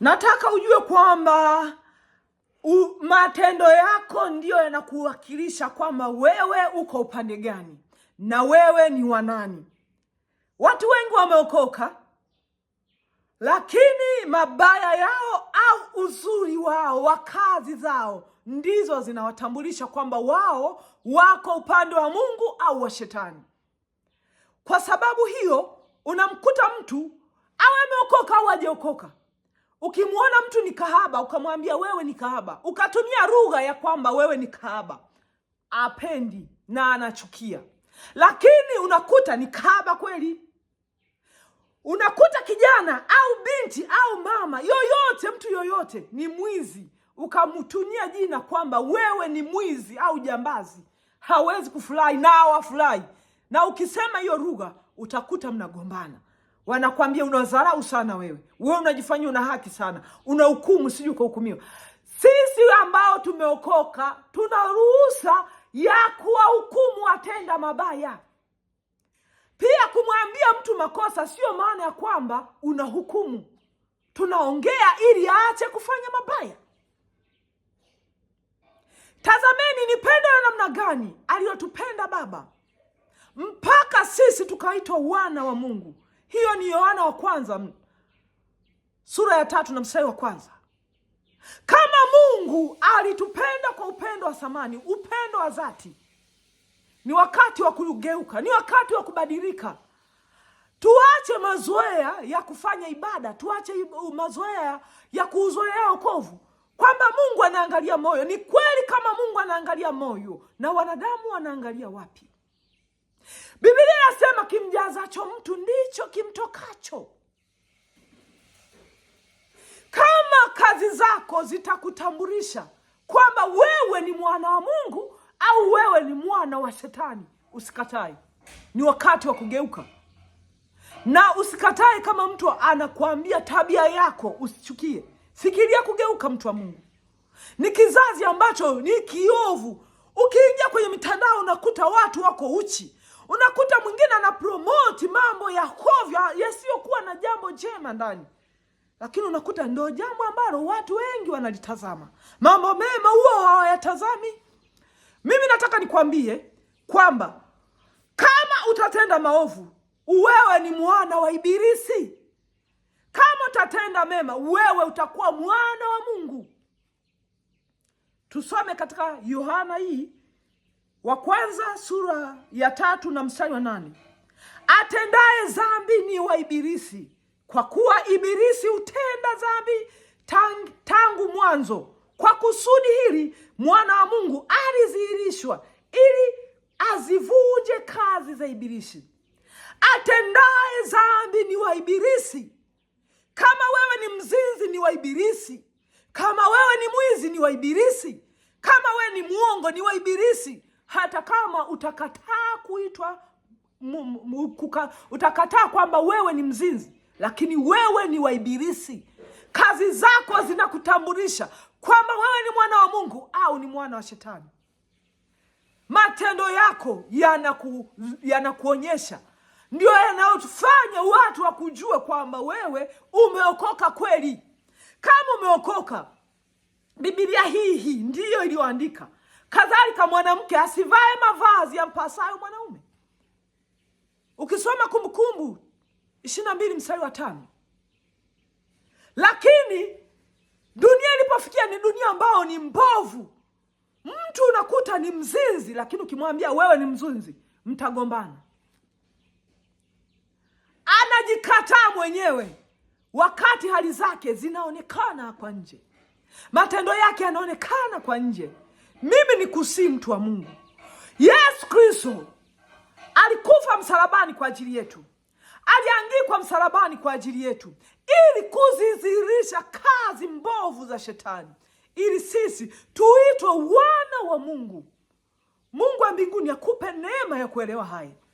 Nataka ujue kwamba matendo yako ndiyo yanakuwakilisha kwamba wewe uko upande gani na wewe ni wanani. Watu wengi wameokoka, lakini mabaya yao au uzuri wao wa kazi zao ndizo zinawatambulisha kwamba wao wako upande wa Mungu au wa Shetani. Kwa sababu hiyo unamkuta mtu awe ameokoka au hajaokoka Ukimwona mtu ni kahaba, ukamwambia wewe ni kahaba, ukatumia lugha ya kwamba wewe ni kahaba, apendi na anachukia. Lakini unakuta ni kahaba kweli, unakuta kijana au binti au mama yoyote, mtu yoyote ni mwizi, ukamtunia jina kwamba wewe ni mwizi au jambazi, hawezi kufurahi na hawafurahi. Na ukisema hiyo lugha, utakuta mnagombana wanakwambia unadharau sana wewe, wewe unajifanya una haki sana, unahukumu sijui ukahukumiwa. Sisi ambao tumeokoka tuna ruhusa ya kuwahukumu watenda mabaya. Pia kumwambia mtu makosa sio maana ya kwamba unahukumu, tunaongea ili aache kufanya mabaya. Tazameni ni pendo la namna gani aliyotupenda Baba mpaka sisi tukaitwa wana wa Mungu. Hiyo ni Yohana wa kwanza sura ya tatu na mstari wa kwanza. Kama Mungu alitupenda kwa upendo wa thamani, upendo wa dhati, ni wakati wa kugeuka, ni wakati wa kubadilika. Tuache mazoea ya kufanya ibada, tuache mazoea ya kuuzoea wokovu, kwamba Mungu anaangalia moyo. Ni kweli, kama Mungu anaangalia moyo, na wanadamu wanaangalia wapi? Biblia inasema kimjazacho mtu ndicho kimtokacho. Kama kazi zako zitakutambulisha kwamba wewe ni mwana wa Mungu au wewe ni mwana wa Shetani, usikatai Ni wakati wa kugeuka, na usikatai kama mtu anakuambia tabia yako, usichukie. Fikiria kugeuka, mtu wa Mungu. Ni kizazi ambacho ni kiovu. Ukiingia kwenye mitandao unakuta watu wako uchi Unakuta mwingine anapromote mambo ya hovyo yasiyokuwa na jambo jema ndani, lakini unakuta ndio jambo ambalo watu wengi wanalitazama. Mambo mema huo hawayatazami. Mimi nataka nikwambie kwamba kama utatenda maovu, wewe ni mwana wa Ibilisi. Kama utatenda mema, wewe utakuwa mwana wa Mungu. Tusome katika Yohana hii wa kwanza sura ya tatu na mstari wa nane atendaye dhambi ni wa Ibilisi, kwa kuwa Ibilisi hutenda dhambi tang, tangu mwanzo. Kwa kusudi hili mwana wa Mungu alidhihirishwa ili azivunje kazi za Ibilisi. Atendaye dhambi ni wa Ibilisi. Kama wewe ni mzinzi, ni wa Ibilisi. Kama wewe ni mwizi, ni wa Ibilisi. Kama wewe ni mwongo, ni wa Ibilisi hata kama utakataa kuitwa utakataa kwamba wewe ni mzinzi, lakini wewe ni waibirisi Kazi zako zinakutambulisha kwamba wewe ni mwana wa Mungu au ni mwana wa Shetani. Matendo yako yanaku, yanakuonyesha ndio yanayofanya watu wakujue kwamba wewe umeokoka kweli. Kama umeokoka, Biblia hii hii ndiyo iliyoandika Kadhalika mwanamke asivae mavazi yampasayo mwanaume. Ukisoma Kumbukumbu ishirini na mbili mstari wa tano. Lakini dunia ilipofikia ni dunia ambayo ni mbovu. Mtu unakuta ni mzinzi, lakini ukimwambia wewe ni mzinzi, mtagombana. Anajikataa mwenyewe wakati hali zake zinaonekana kwa nje, matendo yake yanaonekana kwa nje. Mimi ni kusii mtu wa Mungu. Yesu Kristo alikufa msalabani kwa ajili yetu, aliangikwa msalabani kwa ajili yetu, ili kuzizirisha kazi mbovu za Shetani, ili sisi tuitwe wana wa Mungu. Mungu wa mbinguni akupe neema ya kuelewa haya.